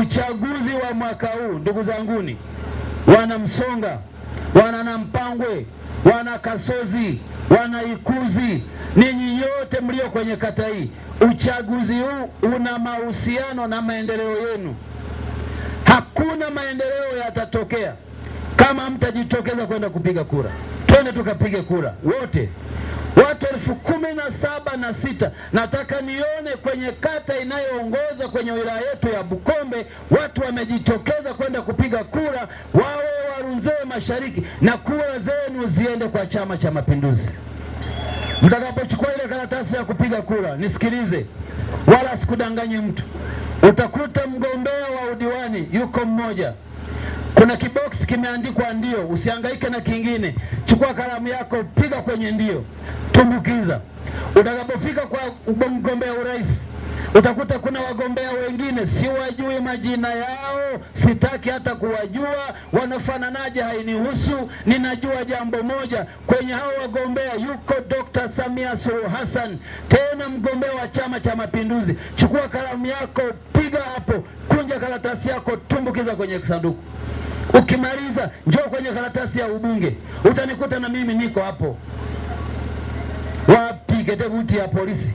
Uchaguzi wa mwaka huu ndugu zanguni, wana Msonga, wana Nampangwe, wana Kasozi, wana Ikuzi, ninyi nyote mlio kwenye kata hii, uchaguzi huu una mahusiano na maendeleo yenu. Hakuna maendeleo yatatokea kama mtajitokeza kwenda kupiga kura. Twende tukapige kura wote na saba na sita. Nataka nione kwenye kata inayoongoza kwenye wilaya yetu ya Bukombe watu wamejitokeza kwenda kupiga kura, wawe Warunzewe Mashariki, na kura zenu ziende kwa Chama cha Mapinduzi. Mtakapochukua ile karatasi ya kupiga kura, nisikilize, wala asikudanganye mtu. Utakuta mgombea wa udiwani yuko mmoja kuna kiboksi kimeandikwa ndio, usihangaike na kingine. Chukua kalamu yako, piga kwenye ndio, tumbukiza. Utakapofika kwa mgombea urais utakuta kuna wagombea wengine siwajui majina yao, sitaki hata kuwajua wanafananaje, hainihusu. Ninajua jambo moja, kwenye hao wagombea yuko Dkt. Samia Suluhu Hassan, tena mgombea wa Chama cha Mapinduzi. Chukua kalamu yako, piga hapo, kunja karatasi yako, tumbukiza kwenye sanduku. Ukimaliza njoo kwenye karatasi ya ubunge, utanikuta na mimi niko hapo nilete buti ya polisi.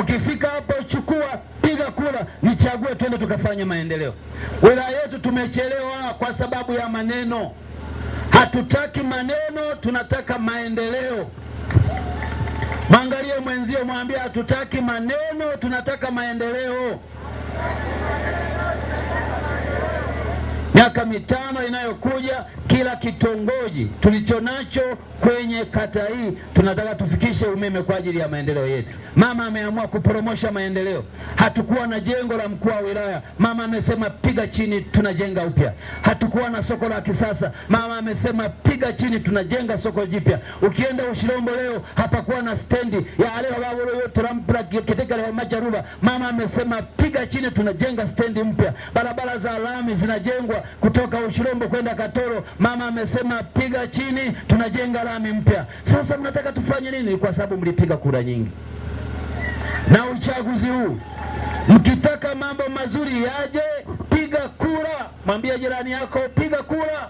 Ukifika hapo, chukua, piga kura, nichague, twende tukafanye maendeleo. Wilaya yetu tumechelewa kwa sababu ya maneno. Hatutaki maneno, tunataka maendeleo. Mwangalie mwenzio, mwambie hatutaki maneno, tunataka maendeleo. Miaka mitano inayokuja, kila kitongoji tulichonacho kwenye kata hii tunataka tufikishe umeme kwa ajili ya maendeleo yetu. Mama ameamua kuporomosha maendeleo. Hatukuwa na jengo la mkuu wa wilaya, mama amesema piga chini, tunajenga upya. Hatukuwa na soko la kisasa, mama amesema piga chini, tunajenga soko jipya. Ukienda Ushirombo leo hapakuwa na stendi ya alewawoloyotorampraketekaleamacharuba mama amesema piga chini, tunajenga stendi mpya. Barabara za lami zinajengwa kutoka Ushirombo kwenda Katoro, mama amesema piga chini, tunajenga lami mpya. Sasa mnataka tufanye nini? Kwa sababu mlipiga kura nyingi na uchaguzi huu mkitaka mambo mazuri yaje, piga kura. Mwambie jirani yako piga kura.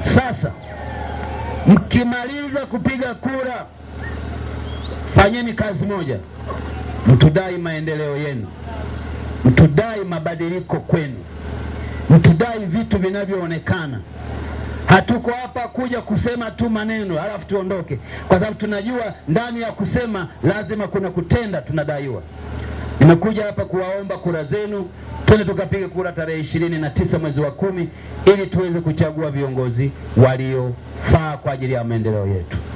Sasa mkimaliza kupiga kura, fanyeni kazi moja, mtudai maendeleo yenu, mtudai mabadiliko kwenu mtudai vitu vinavyoonekana. Hatuko hapa kuja kusema tu maneno halafu tuondoke, kwa sababu tunajua ndani ya kusema lazima kuna kutenda, tunadaiwa. Nimekuja hapa kuwaomba kura zenu, twende tukapige kura tarehe ishirini na tisa mwezi wa kumi ili tuweze kuchagua viongozi waliofaa kwa ajili ya maendeleo yetu.